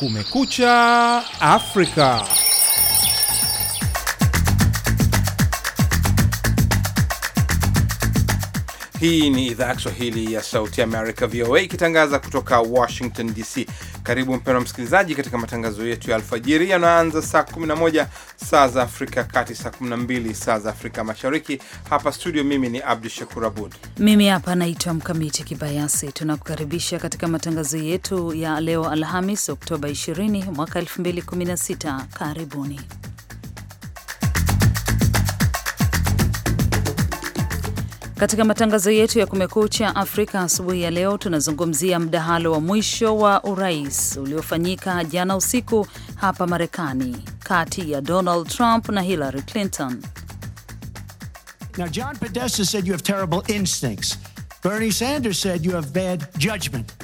Kumekucha Afrika. Hii ni idhaa ya Kiswahili ya Sauti Amerika, VOA, ikitangaza kutoka Washington DC. Karibu mpendwa msikilizaji, katika matangazo yetu ya alfajiri yanaanza saa 11 saa za Afrika kati, saa 12 saa za Afrika Mashariki. Hapa studio, mimi ni Abdu Shakur Abud, mimi hapa naitwa Mkamiti Kibayasi. Tunakukaribisha katika matangazo yetu ya leo Alhamis, Oktoba 20 mwaka 2016. Karibuni Katika matangazo yetu ya Kumekucha Afrika asubuhi ya leo, tunazungumzia mdahalo wa mwisho wa urais uliofanyika jana usiku hapa Marekani kati ya Donald Trump na Hillary Clinton. Now John Podesta said you have terrible instincts. Bernie Sanders said you have bad judgment.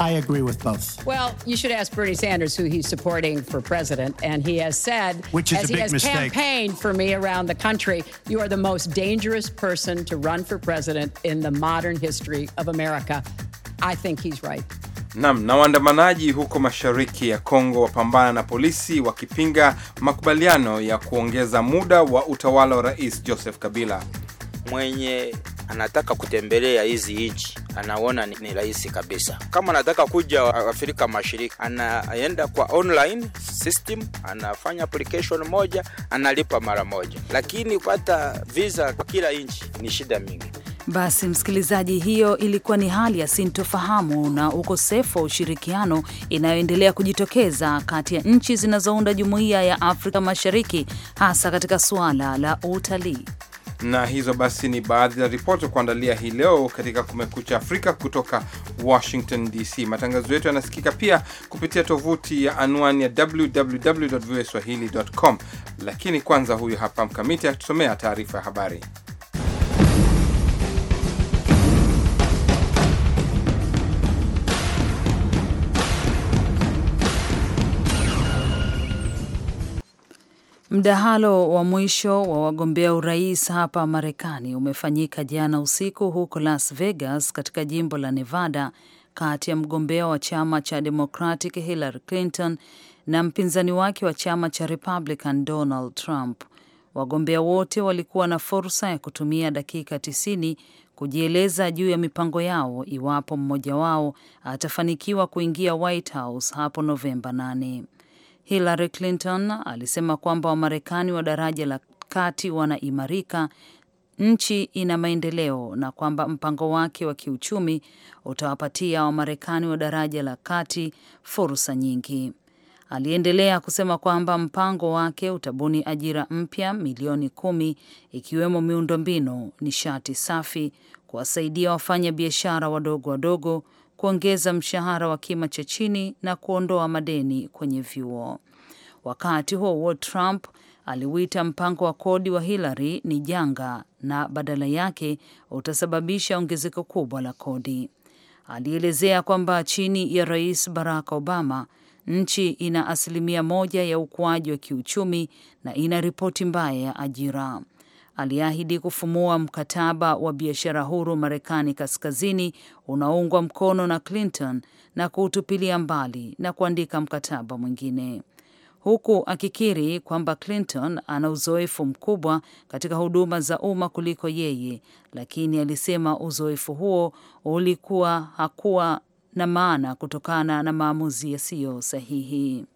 I agree with both. Well, you should ask Bernie Sanders who he's supporting for president, and he has said, which is as a he big has mistake. campaigned for me around the country, you are the most dangerous person to run for president in the modern history of America. I think he's right. Nam na waandamanaji huko mashariki ya Kongo wapambana na polisi wakipinga makubaliano ya kuongeza muda wa utawala wa Rais Joseph Kabila mwenye anataka kutembelea hizi nchi anaona ni, rahisi kabisa. Kama anataka kuja Afrika Mashariki, anaenda kwa online system, anafanya application moja, analipa mara moja, lakini kupata visa kwa kila nchi ni shida mingi. Basi msikilizaji, hiyo ilikuwa ni hali ya sintofahamu na ukosefu wa ushirikiano inayoendelea kujitokeza kati ya nchi zinazounda jumuiya ya Afrika Mashariki, hasa katika suala la utalii. Na hizo basi ni baadhi ya ripoti kuandalia hii leo katika Kumekucha Afrika kutoka Washington DC. Matangazo yetu yanasikika pia kupitia tovuti ya anwani ya www lakini kwanza, huyu hapa Mkamiti akitusomea taarifa ya habari. Mdahalo wa mwisho wa wagombea urais hapa Marekani umefanyika jana usiku huko Las Vegas katika jimbo la Nevada kati ya mgombea wa chama cha Democratic Hillary Clinton na mpinzani wake wa chama cha Republican Donald Trump. Wagombea wote walikuwa na fursa ya kutumia dakika 90 kujieleza juu ya mipango yao iwapo mmoja wao atafanikiwa kuingia White House hapo Novemba 8. Hillary Clinton alisema kwamba Wamarekani wa daraja la kati wanaimarika, nchi ina maendeleo, na kwamba mpango wake wa kiuchumi utawapatia Wamarekani wa daraja la kati fursa nyingi. Aliendelea kusema kwamba mpango wake utabuni ajira mpya milioni kumi ikiwemo miundombinu, nishati safi, kuwasaidia wafanya biashara wadogo wadogo kuongeza mshahara wa kima cha chini na kuondoa madeni kwenye vyuo. Wakati huo huo, Trump aliuita mpango wa kodi wa Hillary ni janga na badala yake utasababisha ongezeko kubwa la kodi. Alielezea kwamba chini ya Rais Barack Obama nchi ina asilimia moja ya ukuaji wa kiuchumi na ina ripoti mbaya ya ajira aliahidi kufumua mkataba wa biashara huru Marekani Kaskazini unaoungwa mkono na Clinton na kuutupilia mbali na kuandika mkataba mwingine huku akikiri kwamba Clinton ana uzoefu mkubwa katika huduma za umma kuliko yeye, lakini alisema uzoefu huo ulikuwa hakuwa na maana kutokana na maamuzi yasiyo sahihi.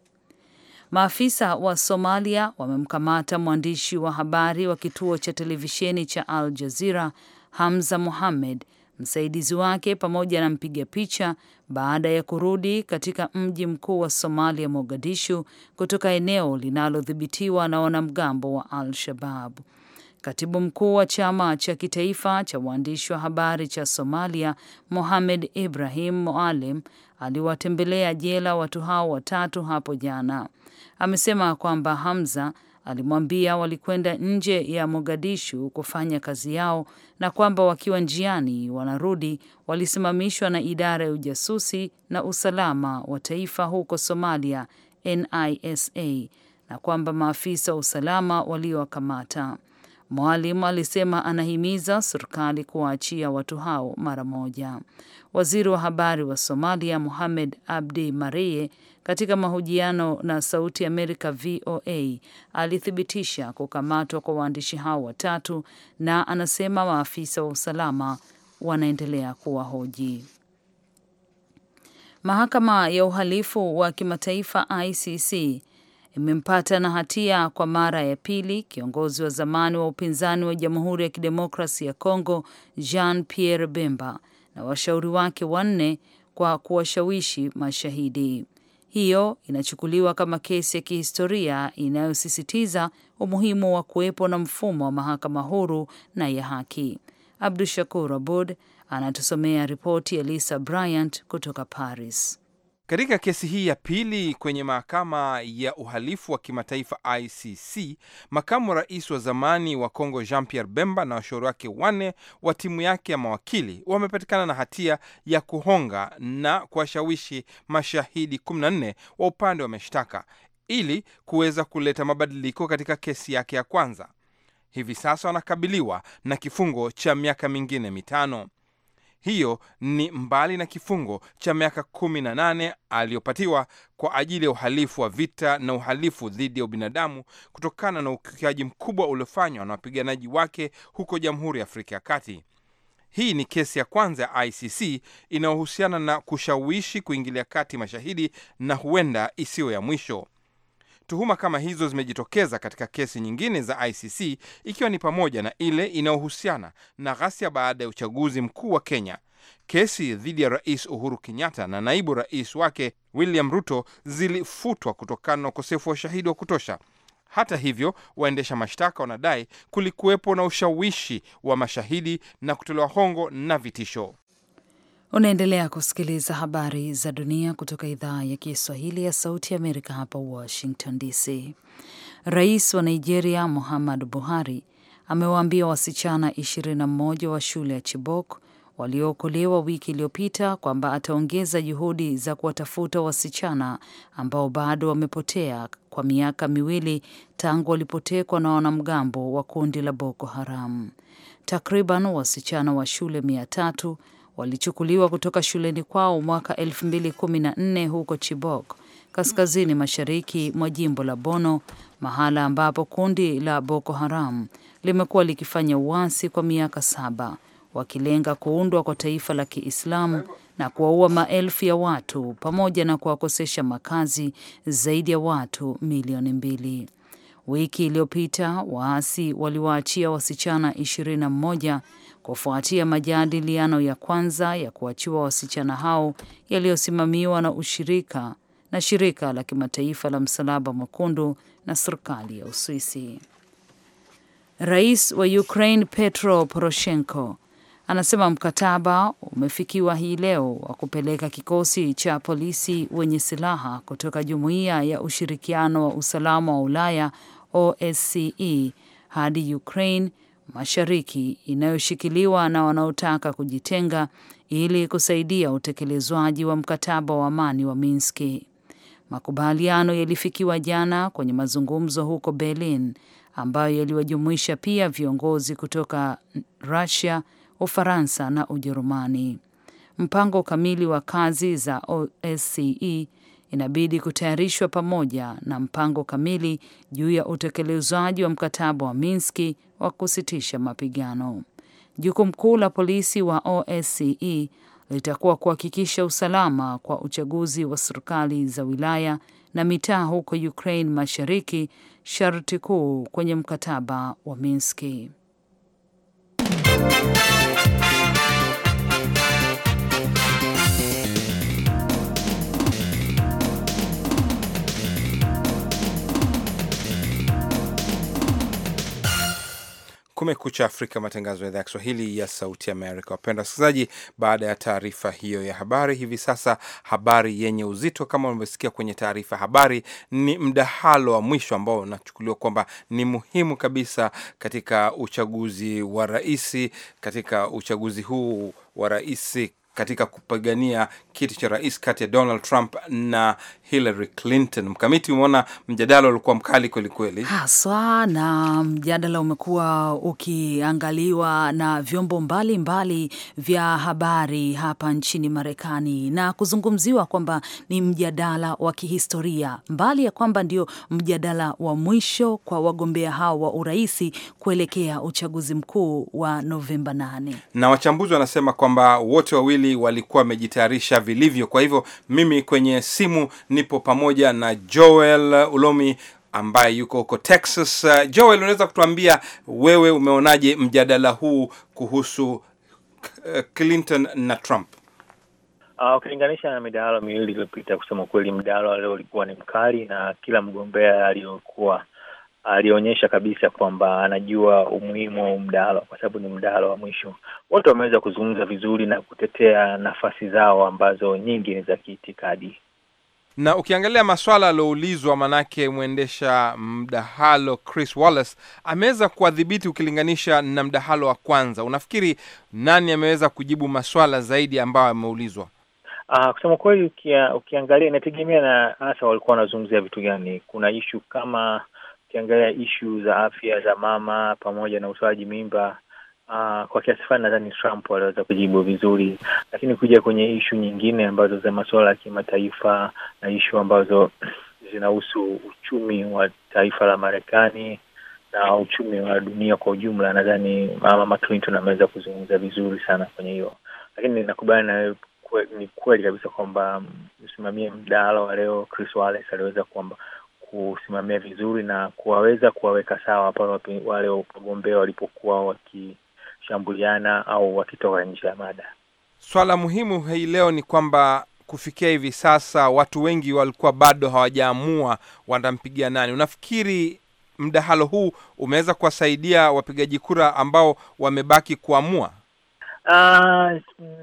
Maafisa wa Somalia wamemkamata mwandishi wa habari wa kituo cha televisheni cha Al Jazeera Hamza Mohammed, msaidizi wake pamoja na mpiga picha baada ya kurudi katika mji mkuu wa Somalia Mogadishu kutoka eneo linalodhibitiwa na wanamgambo wa al shabab Katibu mkuu wa chama cha kitaifa cha waandishi wa habari cha Somalia, Mohamed Ibrahim Moalem, aliwatembelea jela watu hao watatu hapo jana amesema kwamba Hamza alimwambia walikwenda nje ya Mogadishu kufanya kazi yao na kwamba wakiwa njiani wanarudi walisimamishwa na idara ya ujasusi na usalama wa taifa huko Somalia, NISA, na kwamba maafisa wa usalama waliowakamata. Mwalim alisema anahimiza serikali kuwaachia watu hao mara moja. Waziri wa habari wa Somalia muhamed Abdi mareye katika mahojiano na Sauti Amerika VOA alithibitisha kukamatwa kwa waandishi hao watatu na anasema maafisa wa usalama wanaendelea kuwahoji. Mahakama ya Uhalifu wa Kimataifa ICC imempata na hatia kwa mara ya pili kiongozi wa zamani wa upinzani wa Jamhuri ya Kidemokrasi ya congo Jean Pierre Bemba na washauri wake wanne kwa kuwashawishi mashahidi. Hiyo inachukuliwa kama kesi ya kihistoria inayosisitiza umuhimu wa kuwepo na mfumo wa mahakama huru na ya haki. Abdu Shakur Abud anatusomea ripoti ya Lisa Bryant kutoka Paris. Katika kesi hii ya pili kwenye mahakama ya uhalifu wa kimataifa ICC, makamu rais wa zamani wa Kongo Jean Pierre Bemba na washauri wake wanne wa timu yake ya mawakili wamepatikana na hatia ya kuhonga na kuwashawishi mashahidi 14 wa upande wa mashtaka ili kuweza kuleta mabadiliko katika kesi yake ya kwanza. Hivi sasa wanakabiliwa na kifungo cha miaka mingine mitano. Hiyo ni mbali na kifungo cha miaka kumi na nane aliyopatiwa kwa ajili ya uhalifu wa vita na uhalifu dhidi ya ubinadamu kutokana na ukiukaji mkubwa uliofanywa na wapiganaji wake huko Jamhuri ya Afrika ya Kati. Hii ni kesi ya kwanza ya ICC inayohusiana na kushawishi kuingilia kati mashahidi na huenda isiyo ya mwisho. Tuhuma kama hizo zimejitokeza katika kesi nyingine za ICC ikiwa ni pamoja na ile inayohusiana na ghasia baada ya uchaguzi mkuu wa Kenya. Kesi dhidi ya Rais Uhuru Kenyatta na naibu rais wake William Ruto zilifutwa kutokana na ukosefu wa ushahidi wa kutosha. Hata hivyo, waendesha mashtaka wanadai kulikuwepo na ushawishi wa mashahidi na kutolewa hongo na vitisho. Unaendelea kusikiliza habari za dunia kutoka idhaa ya Kiswahili ya Sauti ya Amerika, hapa Washington DC. Rais wa Nigeria muhamad Buhari amewaambia wasichana 21 wa shule ya Chibok waliookolewa wiki iliyopita kwamba ataongeza juhudi za kuwatafuta wasichana ambao bado wamepotea kwa miaka miwili tangu walipotekwa na wanamgambo wa kundi la Boko Haram. Takriban wasichana wa shule mia tatu walichukuliwa kutoka shuleni kwao mwaka 2014 huko Chibok, kaskazini mashariki mwa jimbo la Bono, mahala ambapo kundi la Boko Haram limekuwa likifanya uasi kwa miaka saba, wakilenga kuundwa kwa taifa la Kiislamu na kuwaua maelfu ya watu pamoja na kuwakosesha makazi zaidi ya watu milioni mbili. Wiki iliyopita waasi waliwaachia wasichana 21 kufuatia majadiliano ya kwanza ya kuachiwa wasichana hao yaliyosimamiwa na ushirika na shirika la kimataifa la Msalaba Mwekundu na serikali ya Uswisi. Rais wa Ukraine Petro Poroshenko anasema mkataba umefikiwa hii leo wa kupeleka kikosi cha polisi wenye silaha kutoka Jumuiya ya Ushirikiano wa Usalama wa Ulaya OSCE hadi Ukraine Mashariki inayoshikiliwa na wanaotaka kujitenga ili kusaidia utekelezwaji wa mkataba wa amani wa minski Makubaliano yalifikiwa jana kwenye mazungumzo huko Berlin ambayo yaliwajumuisha pia viongozi kutoka Russia, Ufaransa na Ujerumani. Mpango kamili wa kazi za OSCE inabidi kutayarishwa pamoja na mpango kamili juu ya utekelezaji wa mkataba wa Minski wa kusitisha mapigano. Jukumu kuu la polisi wa OSCE litakuwa kuhakikisha usalama kwa uchaguzi wa serikali za wilaya na mitaa huko Ukraine Mashariki, sharti kuu kwenye mkataba wa Minski. Kumekucha Afrika, matangazo ya idhaa ya Kiswahili ya Sauti Amerika. Wapenda wasikilizaji, baada ya taarifa hiyo ya habari, hivi sasa habari yenye uzito kama unavyosikia kwenye taarifa ya habari ni mdahalo wa mwisho ambao unachukuliwa kwamba ni muhimu kabisa katika uchaguzi wa raisi katika uchaguzi huu wa raisi katika kupigania kiti cha rais kati ya Donald Trump na Hillary Clinton. Mkamiti, umeona mjadala ulikuwa mkali kwelikweli haswa, na mjadala umekuwa ukiangaliwa na vyombo mbalimbali mbali vya habari hapa nchini Marekani na kuzungumziwa kwamba ni mjadala wa kihistoria, mbali ya kwamba ndio mjadala wa mwisho kwa wagombea hao wa urahisi kuelekea uchaguzi mkuu wa Novemba 8 na wachambuzi wanasema kwamba wote wawili wawili walikuwa wamejitayarisha vilivyo. Kwa hivyo mimi kwenye simu nipo pamoja na Joel Ulomi ambaye yuko huko Texas. Joel, unaweza kutuambia wewe umeonaje mjadala huu kuhusu eh, Clinton na Trump? Ah, ukilinganisha uh, na midahalo miwili iliyopita, kusema kweli, mdahalo leo ulikuwa ni mkali na kila mgombea aliyokuwa alionyesha kabisa kwamba anajua umuhimu wa mdahalo kwa sababu ni mdahalo wa mwisho. Wote wameweza kuzungumza vizuri na kutetea nafasi zao ambazo nyingi ni za kiitikadi. Na ukiangalia maswala aliyoulizwa, manake mwendesha mdahalo Chris Wallace ameweza kuwadhibiti ukilinganisha na mdahalo wa kwanza. Unafikiri nani ameweza kujibu maswala zaidi ambayo ameulizwa Uh, ah, kusema kweli ukia, ukiangalia inategemea na hasa walikuwa wanazungumzia vitu gani. Kuna ishu kama ukiangalia ishu za afya za mama pamoja na utoaji mimba Uh, kwa kiasi fulani nadhani Trump aliweza kujibu vizuri, lakini kuja kwenye ishu nyingine ambazo za masuala ya kimataifa na ishu ambazo zinahusu uchumi wa taifa la Marekani na uchumi wa dunia kwa ujumla, nadhani Mama Clinton ameweza kuzungumza vizuri sana kwenye hiyo, lakini nakubali na ni kweli kabisa kwamba msimamie mdahalo wa leo Chris Wallace aliweza kwamba kusimamia vizuri na kuwaweza kuwaweka sawa pale wale wagombea walipokuwa wakishambuliana au wakitoka nje ya mada. Swala muhimu hii leo ni kwamba kufikia hivi sasa watu wengi walikuwa bado hawajaamua wanampigia nani. Unafikiri mdahalo huu umeweza kuwasaidia wapigaji kura ambao wamebaki kuamua? Uh,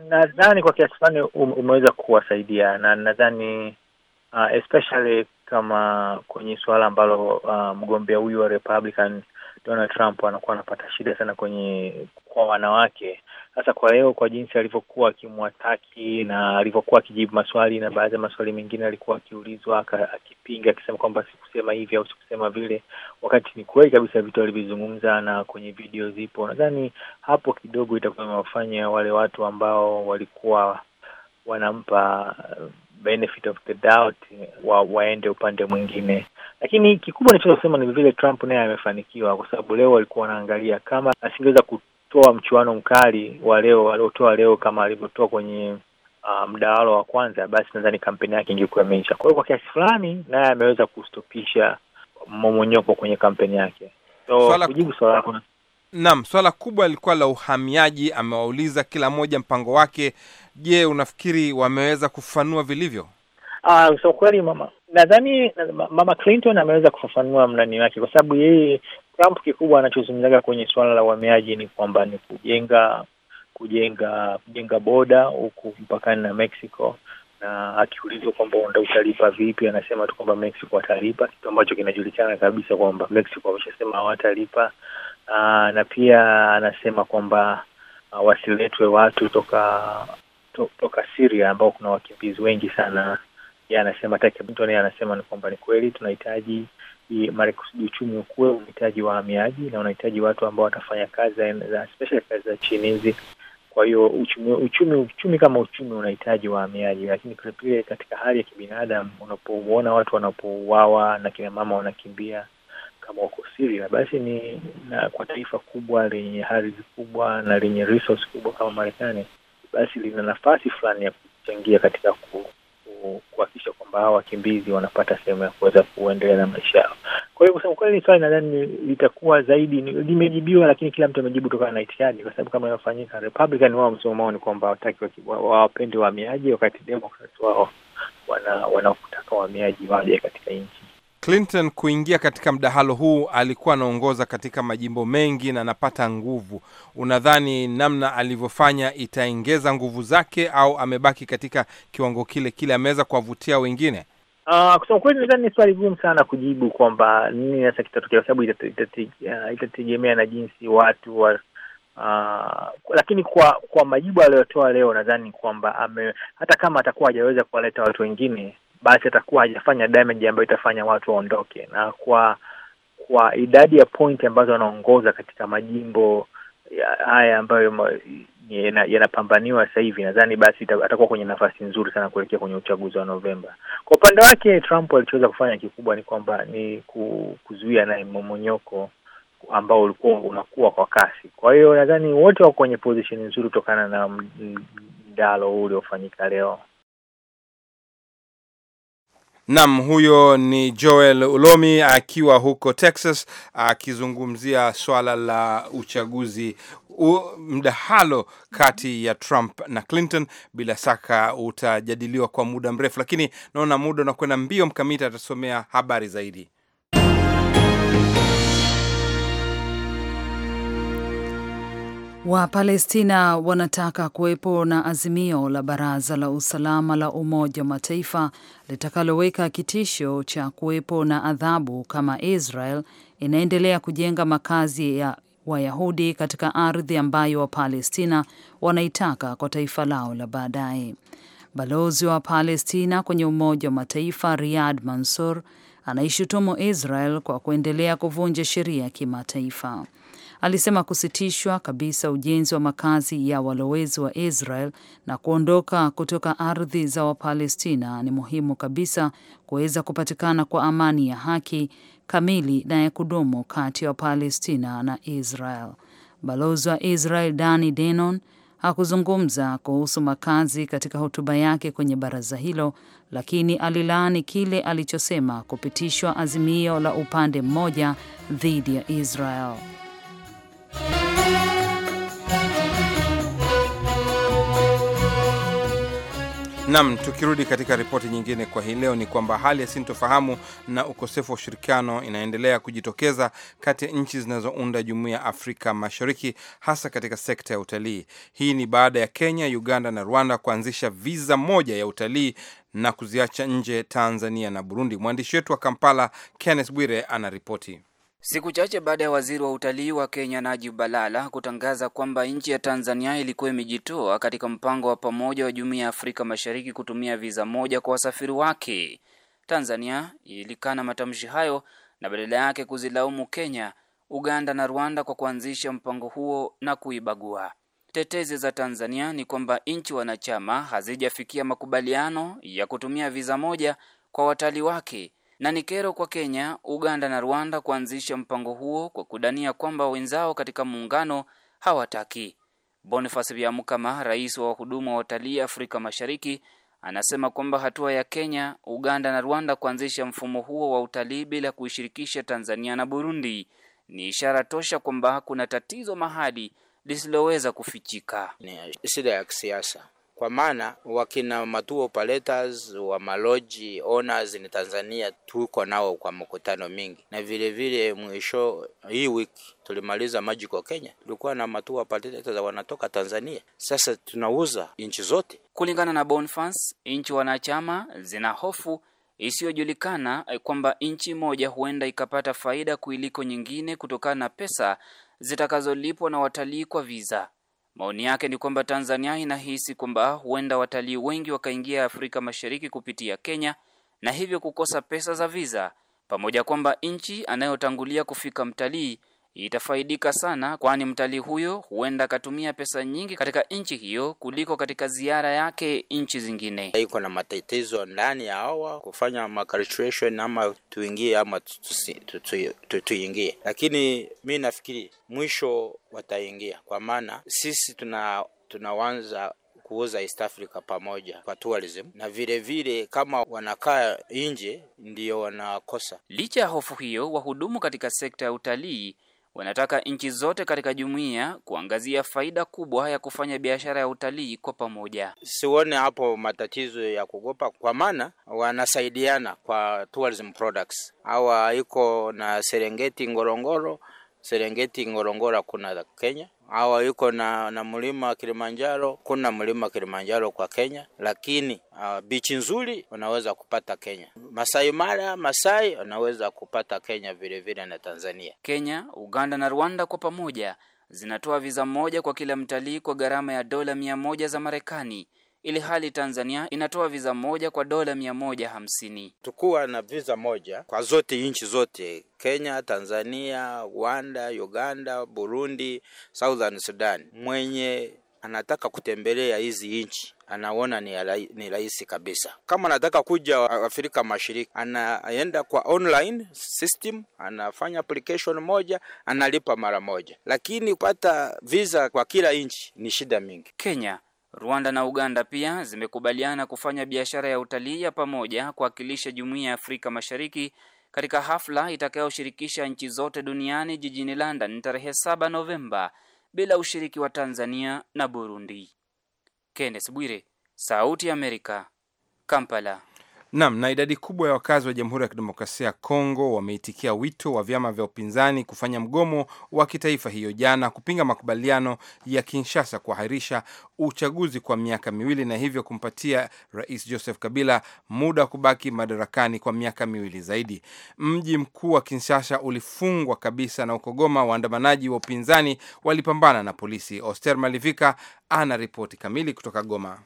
nadhani kwa kiasi fulani um-, umeweza kuwasaidia na nadhani uh, especially kama kwenye suala ambalo uh, mgombea huyu wa Republican Donald Trump anakuwa anapata shida sana kwenye kwa wanawake. Sasa kwa leo, kwa jinsi alivyokuwa akimwataki na alivyokuwa akijibu maswali na baadhi ya maswali mengine alikuwa akiulizwa akipinga, akisema kwamba sikusema hivi au sikusema vile, wakati ni kweli kabisa vitu alivyozungumza na kwenye video zipo. Nadhani hapo kidogo itakuwa imewafanya wale watu ambao walikuwa wanampa benefit of the doubt wa, waende upande mwingine, lakini kikubwa nichoweza kusema ni vile Trump naye amefanikiwa, kwa sababu leo walikuwa wanaangalia kama asingeweza kutoa mchuano mkali wa leo aliotoa leo kama alivyotoa kwenye uh, mdawalo wa kwanza, basi nadhani kampeni yake ingekuwa imeisha. Kwa hiyo kwa kiasi fulani naye ameweza kustopisha momonyoko kwenye kampeni yake. So, kujibu swala lako Naam, swala kubwa lilikuwa la uhamiaji. Amewauliza kila mmoja mpango wake. Je, unafikiri wameweza kufafanua vilivyo? Uh, so kweli mama, nadhani mama Clinton ameweza kufafanua mnani wake, kwa sababu yeye Trump kikubwa anachozungumzaga kwenye suala la uhamiaji ni kwamba ni kujenga kujenga kujenga boda huku mpakani na Mexico, na akiulizwa kwamba unda utalipa vipi, anasema tu kwamba Mexico atalipa, kitu ambacho kinajulikana kabisa kwamba Mexico wameshasema hawatalipa aa, ah, na pia anasema kwamba ah, wasiletwe watu toka to, toka Syria ambao kuna wakimbizi wengi sana. Yeye anasema yeye anasema ni kwamba ni kweli tunahitaji marekusudi uchumi ukuwe, unahitaji wahamiaji na unahitaji watu ambao watafanya kazi za special kazi za chini hizi. Kwa hiyo uchumi, uchumi uchumi kama uchumi unahitaji wahamiaji, lakini pia katika hali ya kibinadamu, unapouona watu wanapouawa na kina mama wanakimbia kama wako Siria, basi ni na kwa taifa kubwa lenye ardhi kubwa na lenye resource kubwa kama Marekani, basi lina nafasi fulani ya kuchangia katika ku kuhakikisha kwamba hawa wakimbizi wanapata sehemu ya kuweza kuendelea na maisha yao. Kwa hiyo kusema kweli, swali nadhani litakuwa zaidi limejibiwa, lakini kila mtu amejibu kutokana na itikadi, kwa sababu kama inavyofanyika, Republican wao msimamo ni kwamba wataki wawapende wahamiaji, wakati Democrats wao wana wahamiaji waje katika nchi. Clinton kuingia katika mdahalo huu alikuwa anaongoza katika majimbo mengi na anapata nguvu. Unadhani namna alivyofanya itaongeza nguvu zake au amebaki katika kiwango kile kile? Ameweza kuwavutia wengine? Uh, kusema kweli nadhani ni swali gumu sana kujibu kwamba nini hasa kitatokea, kwa sababu ah, itategemea na jinsi watu wa uh, lakini kwa kwa majibu aliyotoa leo nadhani kwamba hata kama atakuwa hajaweza kuwaleta watu wengine basi atakuwa hajafanya damage ambayo itafanya watu waondoke, na kwa kwa idadi ya point ambazo wanaongoza katika majimbo haya ambayo yanapambaniwa sasa hivi, nadhani basi atakuwa kwenye nafasi nzuri sana kuelekea kwenye uchaguzi wa Novemba. Kwa upande wake, Trump alichoweza kufanya kikubwa ni kwamba ni kuzuia naye momonyoko ambao ulikuwa unakuwa kwa kasi. Kwa hiyo nadhani wote wako kwenye position nzuri kutokana na mdalo huu uliofanyika leo. Nam, huyo ni Joel Ulomi akiwa huko Texas akizungumzia swala la uchaguzi U, mdahalo kati ya Trump na Clinton bila shaka utajadiliwa kwa muda mrefu, lakini naona muda unakwenda mbio. Mkamiti atasomea habari zaidi. Wapalestina wanataka kuwepo na azimio la Baraza la Usalama la Umoja wa Mataifa litakaloweka kitisho cha kuwepo na adhabu kama Israel inaendelea kujenga makazi ya Wayahudi katika ardhi ambayo Wapalestina wanaitaka kwa taifa lao la baadaye. Balozi wa Palestina kwenye Umoja wa Mataifa Riyad Mansour anaishutumu Israel kwa kuendelea kuvunja sheria ya kimataifa alisema kusitishwa kabisa ujenzi wa makazi ya walowezi wa Israel na kuondoka kutoka ardhi za Wapalestina ni muhimu kabisa kuweza kupatikana kwa amani ya haki kamili na ya kudumu kati ya Wapalestina na Israel. Balozi wa Israel Dani Denon hakuzungumza kuhusu makazi katika hotuba yake kwenye baraza hilo, lakini alilaani kile alichosema kupitishwa azimio la upande mmoja dhidi ya Israel. Nam, tukirudi katika ripoti nyingine kwa hii leo ni kwamba hali ya sintofahamu na ukosefu wa ushirikiano inaendelea kujitokeza kati ya nchi zinazounda jumuiya ya Afrika Mashariki, hasa katika sekta ya utalii. Hii ni baada ya Kenya, Uganda na Rwanda kuanzisha viza moja ya utalii na kuziacha nje Tanzania na Burundi. Mwandishi wetu wa Kampala, Kenneth Bwire, anaripoti. Siku chache baada ya waziri wa utalii wa Kenya Najib Balala kutangaza kwamba nchi ya Tanzania ilikuwa imejitoa katika mpango wa pamoja wa Jumuiya ya Afrika Mashariki kutumia viza moja kwa wasafiri wake, Tanzania ilikana matamshi hayo na badala yake kuzilaumu Kenya, Uganda na Rwanda kwa kuanzisha mpango huo na kuibagua. Tetezi za Tanzania ni kwamba nchi wanachama hazijafikia makubaliano ya kutumia viza moja kwa watalii wake na ni kero kwa Kenya, Uganda na Rwanda kuanzisha mpango huo kwa kudania kwamba wenzao katika muungano hawataki. Boniface Byamukama, rais wa wahudumu wa utalii Afrika Mashariki, anasema kwamba hatua ya Kenya, Uganda na Rwanda kuanzisha mfumo huo wa utalii bila kuishirikisha Tanzania na Burundi ni ishara tosha kwamba kuna tatizo mahali lisiloweza kufichika. Ni shida ya kisiasa kwa maana wakina matuo paletas wa maloji owners ni Tanzania tuko nao kwa mkutano mingi, na vile vile mwisho hii wiki tulimaliza maji kwa Kenya, tulikuwa na matuo paletas wanatoka Tanzania. Sasa tunauza nchi zote. Kulingana na Bonfans, nchi wanachama zina hofu isiyojulikana kwamba nchi moja huenda ikapata faida kuiliko nyingine kutokana na pesa zitakazolipwa na watalii kwa visa. Maoni yake ni kwamba Tanzania inahisi kwamba huenda watalii wengi wakaingia Afrika Mashariki kupitia Kenya na hivyo kukosa pesa za visa, pamoja kwamba nchi anayotangulia kufika mtalii itafaidika sana, kwani mtalii huyo huenda akatumia pesa nyingi katika nchi hiyo kuliko katika ziara yake nchi zingine. Iko na matatizo ndani ya hawa kufanya maculturation, ama tuingie ama tuingie, lakini mi nafikiri mwisho wataingia, kwa maana sisi tuna tunawanza kuuza East Africa pamoja kwa tourism na vile vile kama wanakaa nje ndio wanakosa. Licha ya hofu hiyo, wahudumu katika sekta ya utalii wanataka nchi zote katika jumuiya kuangazia faida kubwa ya kufanya biashara ya utalii kwa pamoja. Sione hapo matatizo ya kugopa, kwa maana wanasaidiana kwa tourism products. Hawa iko na Serengeti Ngorongoro, Serengeti Ngorongoro kuna Kenya hawa yuko na, na mlima wa Kilimanjaro. Kuna mlima Kilimanjaro kwa Kenya, lakini uh, ah, bichi nzuri unaweza kupata Kenya. Masai Mara, Masai unaweza kupata Kenya vile vile na Tanzania. Kenya, Uganda na Rwanda kwa pamoja zinatoa viza moja kwa kila mtalii kwa gharama ya dola mia moja za Marekani ili hali Tanzania inatoa viza moja kwa dola mia moja hamsini. Tukuwa na viza moja kwa zote nchi zote Kenya, Tanzania, Rwanda, Uganda, Burundi, Southern Sudan. Mwenye anataka kutembelea hizi nchi anaona ni rahisi kabisa. Kama anataka kuja Afrika Mashariki, anaenda kwa online system, anafanya application moja, analipa mara moja, lakini kupata visa kwa kila nchi ni shida mingi. Kenya Rwanda na Uganda pia zimekubaliana kufanya biashara ya utalii ya pamoja kuwakilisha Jumuiya ya Afrika Mashariki katika hafla itakayoshirikisha nchi zote duniani jijini London tarehe 7 Novemba bila ushiriki wa Tanzania na Burundi. Kenneth Bwire, Sauti ya Amerika, Kampala. Nam na idadi kubwa ya wakazi wa Jamhuri ya Kidemokrasia ya Kongo wameitikia wito wa vyama vya upinzani kufanya mgomo wa kitaifa hiyo jana kupinga makubaliano ya Kinshasa kuahirisha uchaguzi kwa miaka miwili na hivyo kumpatia Rais Joseph Kabila muda wa kubaki madarakani kwa miaka miwili zaidi. Mji mkuu wa Kinshasa ulifungwa kabisa na uko Goma waandamanaji wa upinzani walipambana na polisi. Oster Malivika ana ripoti kamili kutoka Goma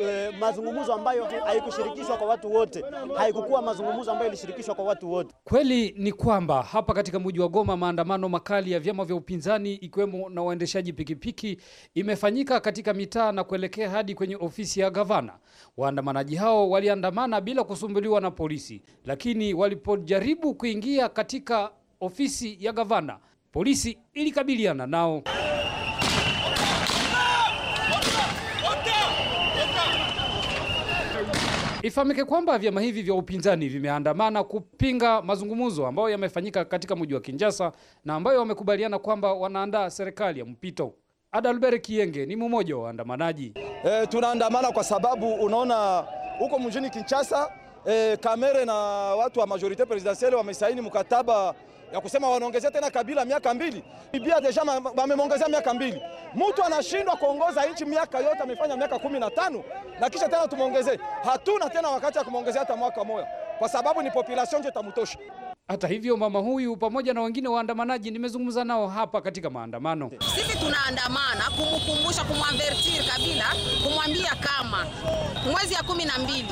e, mazungumzo ambayo haikushirikishwa kwa watu wote, haikukuwa mazungumzo ambayo ilishirikishwa kwa watu wote. Kweli ni kwamba hapa katika mji wa Goma maandamano makali ya vyama vya upinzani ikiwemo na waendeshaji pikipiki imefanyika katika mitaa na kuelekea hadi kwenye ofisi ya gavana. Waandamanaji hao waliandamana bila kusumbuliwa na polisi, lakini walipojaribu kuingia katika ofisi ya gavana, polisi ilikabiliana nao. Ifahamike kwamba vyama hivi vya upinzani vimeandamana kupinga mazungumzo ambayo yamefanyika katika mji wa Kinshasa na ambayo wamekubaliana kwamba wanaandaa serikali ya mpito. Adalbert Kiyenge ni mmoja wa waandamanaji. E, tunaandamana kwa sababu unaona huko mjini Kinshasa e, Kamere na watu wa majorite presidentielle wamesaini mkataba ya kusema wanaongezea tena Kabila miaka mbili, Bibia deja wamemwongezea miaka mbili. Mtu anashindwa kuongoza nchi miaka yote, amefanya miaka kumi na tano na kisha tena tumwongezee. Hatuna tena wakati ya kumwongezea hata mwaka moja, kwa sababu ni population ndio itamtosha. Hata hivyo mama huyu pamoja na wengine waandamanaji nimezungumza nao hapa katika maandamano. Sisi tunaandamana kumkumbusha, kumwavertir Kabila, kumwambia kama mwezi ya kumi na mbili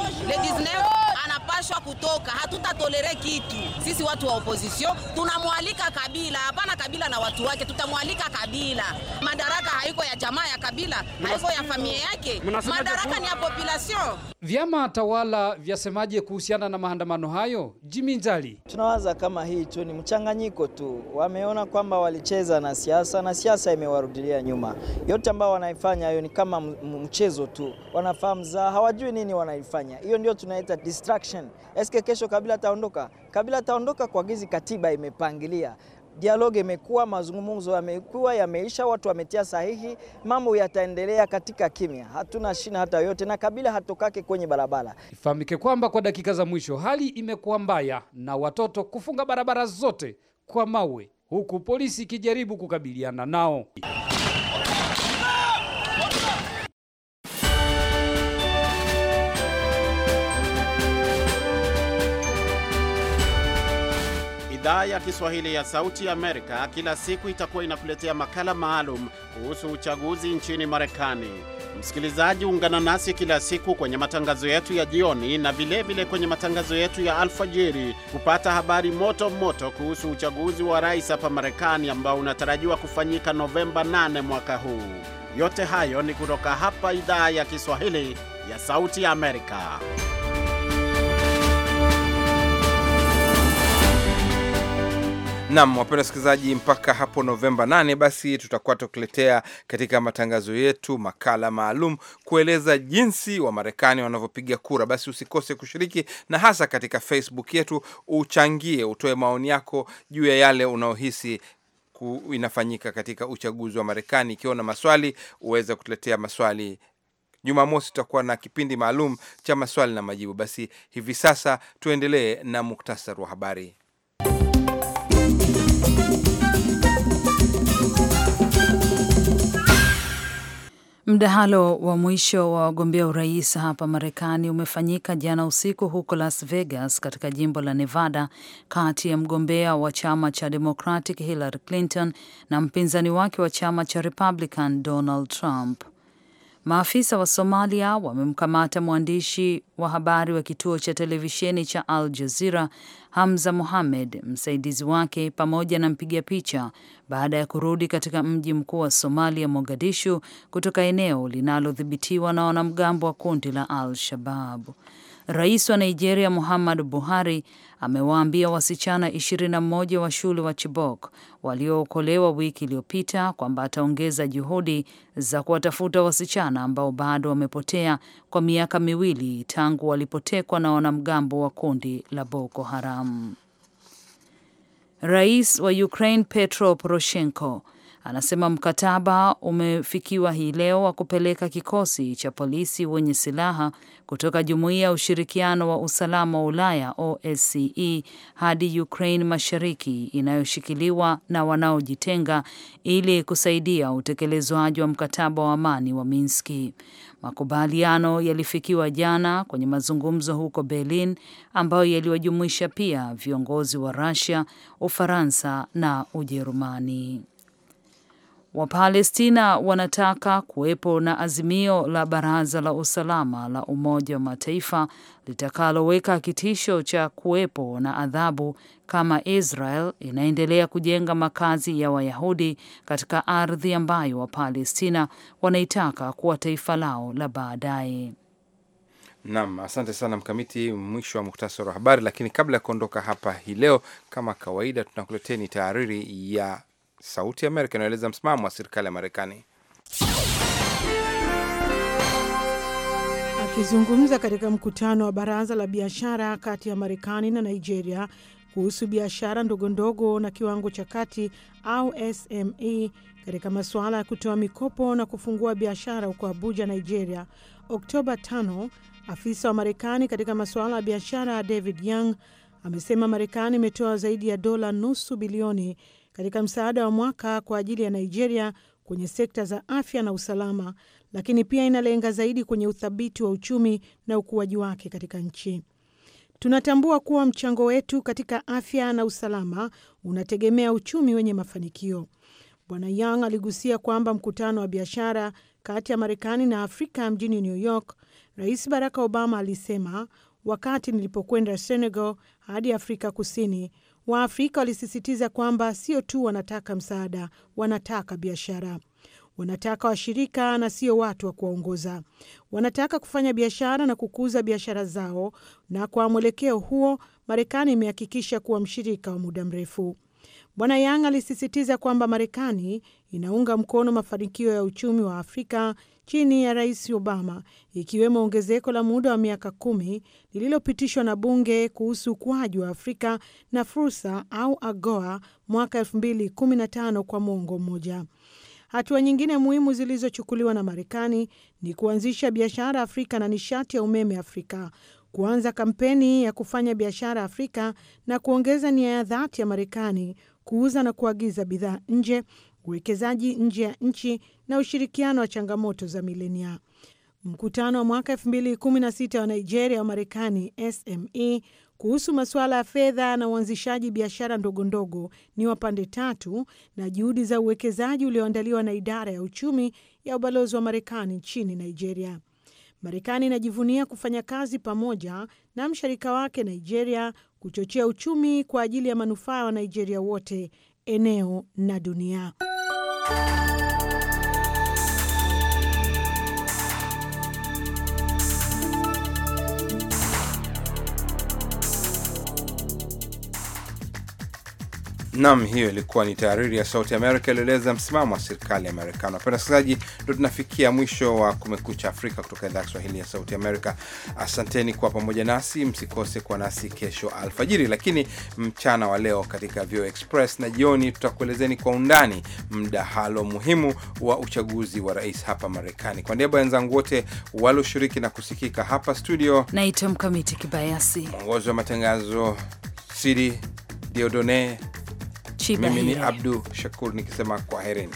anapashwa kutoka, hatutatolere kitu. Sisi watu wa opposition tunamwalika Kabila, hapana Kabila na watu wake, tutamwalika Kabila. Madaraka haiko ya jamaa ya Kabila, haiko ya familia yake, madaraka ni ya population. Vyama tawala vyasemaje kuhusiana na maandamano hayo? Jimmy Njali: tunawaza kama hii tu ni mchanganyiko tu, wameona kwamba walicheza na siasa na siasa imewarudilia nyuma. Yote ambao wanaifanya hiyo ni kama mchezo tu, wanafahamu za hawajui nini wanaifanya. Hiyo ndio tunaita distraction election. Eske kesho Kabila ataondoka? Kabila ataondoka kwa gizi katiba imepangilia dialogue imekuwa, mazungumzo yamekuwa, yameisha, watu wametia sahihi, mambo yataendelea katika kimya, hatuna shina hata yoyote, na Kabila hatokake kwenye barabara. Ifahamike kwamba kwa dakika za mwisho hali imekuwa mbaya na watoto kufunga barabara zote kwa mawe, huku polisi ikijaribu kukabiliana nao. Idhaa ya Kiswahili ya Sauti ya Amerika kila siku itakuwa inakuletea makala maalum kuhusu uchaguzi nchini Marekani. Msikilizaji, ungana nasi kila siku kwenye matangazo yetu ya jioni na vilevile vile kwenye matangazo yetu ya alfajiri kupata habari moto moto kuhusu uchaguzi wa rais hapa Marekani ambao unatarajiwa kufanyika Novemba 8 mwaka huu. Yote hayo ni kutoka hapa Idhaa ya Kiswahili ya Sauti ya Amerika. Nam, wapenda wasikilizaji, mpaka hapo Novemba 8 basi tutakuwa tukuletea katika matangazo yetu makala maalum kueleza jinsi Wamarekani wanavyopiga kura. Basi usikose kushiriki, na hasa katika Facebook yetu uchangie, utoe maoni yako juu ya yale unaohisi inafanyika katika uchaguzi wa Marekani. Ikiwa na maswali, uweze kutuletea maswali. Jumamosi tutakuwa na kipindi maalum cha maswali na majibu. Basi hivi sasa tuendelee na muktasari wa habari. Mdahalo wa mwisho wa wagombea urais hapa Marekani umefanyika jana usiku huko Las Vegas katika jimbo la Nevada, kati ya mgombea wa chama cha Democratic Hillary Clinton na mpinzani wake wa chama cha Republican Donald Trump. Maafisa wa Somalia wamemkamata mwandishi wa habari wa kituo cha televisheni cha Al Jazeera Hamza Mohamed, msaidizi wake pamoja na mpiga picha baada ya kurudi katika mji mkuu wa Somalia Mogadishu kutoka eneo linalodhibitiwa na wanamgambo wa kundi la Al shababu Rais wa Nigeria Muhammad Buhari amewaambia wasichana 21 wa shule wa Chibok waliookolewa wiki iliyopita kwamba ataongeza juhudi za kuwatafuta wasichana ambao bado wamepotea kwa miaka miwili tangu walipotekwa na wanamgambo wa kundi la Boko Haram. Rais wa Ukraine Petro Poroshenko anasema mkataba umefikiwa hii leo wa kupeleka kikosi cha polisi wenye silaha kutoka Jumuiya ya Ushirikiano wa Usalama wa Ulaya OSCE hadi Ukraine Mashariki inayoshikiliwa na wanaojitenga ili kusaidia utekelezwaji wa mkataba wa amani wa Minski. Makubaliano yalifikiwa jana kwenye mazungumzo huko Berlin ambayo yaliwajumuisha pia viongozi wa Russia, Ufaransa na Ujerumani. Wapalestina wanataka kuwepo na azimio la Baraza la Usalama la Umoja wa Mataifa litakaloweka kitisho cha kuwepo na adhabu kama Israel inaendelea kujenga makazi ya Wayahudi katika ardhi ambayo Wapalestina wanaitaka kuwa taifa lao la baadaye. Nam, asante sana Mkamiti. Mwisho wa muktasari wa habari, lakini kabla ya kuondoka hapa hii leo, kama kawaida, tunakuleteni tahariri ya Sauti ya Amerika inaeleza msimamo wa serikali ya Marekani. Akizungumza katika mkutano wa baraza la biashara kati ya Marekani na Nigeria kuhusu biashara ndogondogo na kiwango cha kati au SME katika masuala ya kutoa mikopo na kufungua biashara huko Abuja, Nigeria, Oktoba 5, afisa wa Marekani katika masuala ya biashara David Young amesema Marekani imetoa zaidi ya dola nusu bilioni katika msaada wa mwaka kwa ajili ya Nigeria kwenye sekta za afya na usalama, lakini pia inalenga zaidi kwenye uthabiti wa uchumi na ukuaji wake katika nchi. Tunatambua kuwa mchango wetu katika afya na usalama unategemea uchumi wenye mafanikio. Bwana Young aligusia kwamba mkutano wa biashara kati ya Marekani na Afrika mjini New York, Rais Barack Obama alisema, wakati nilipokwenda Senegal hadi Afrika Kusini, Waafrika walisisitiza kwamba sio tu wanataka msaada, wanataka biashara. Wanataka washirika na sio watu wa kuwaongoza. Wanataka kufanya biashara na kukuza biashara zao, na kwa mwelekeo huo Marekani imehakikisha kuwa mshirika wa muda mrefu. Bwana Yang alisisitiza kwamba Marekani inaunga mkono mafanikio ya uchumi wa Afrika chini ya Rais Obama, ikiwemo ongezeko la muda wa miaka kumi lililopitishwa na bunge kuhusu ukuaji wa Afrika na fursa au AGOA mwaka 2015 kwa mwongo mmoja. Hatua nyingine muhimu zilizochukuliwa na Marekani ni kuanzisha biashara Afrika na nishati ya umeme Afrika, kuanza kampeni ya kufanya biashara Afrika na kuongeza nia ya dhati ya Marekani kuuza na kuagiza bidhaa nje uwekezaji nje ya nchi na ushirikiano wa changamoto za milenia. Mkutano wa mwaka 2016 wa Nigeria wa Marekani SME kuhusu masuala ya fedha na uanzishaji biashara ndogondogo ni wa pande tatu na juhudi za uwekezaji ulioandaliwa na idara ya uchumi ya ubalozi wa Marekani nchini Nigeria. Marekani inajivunia kufanya kazi pamoja na mshirika wake Nigeria kuchochea uchumi kwa ajili ya manufaa wa Nigeria wote, eneo na dunia. Música Nam, hiyo ilikuwa ni tahariri ya Sauti Amerika ilieleza msimamo wa serikali ya Marekani. Wapenda wasikilizaji, ndo tunafikia mwisho wa Kumekucha Afrika kutoka idhaa ya Kiswahili ya Sauti Amerika. Asanteni kwa pamoja nasi, msikose kwa nasi kesho alfajiri, lakini mchana wa leo katika VOA Express na jioni tutakuelezeni kwa undani mdahalo muhimu wa uchaguzi wa rais hapa Marekani. Kwa niaba ya wenzangu wote walioshiriki na kusikika hapa studio, naitwa Mkamiti Kibayasi, mwongozi wa matangazo Sidi Diodone Chibahiro. Mimi ni Abdu Shakur nikisema kwaherini.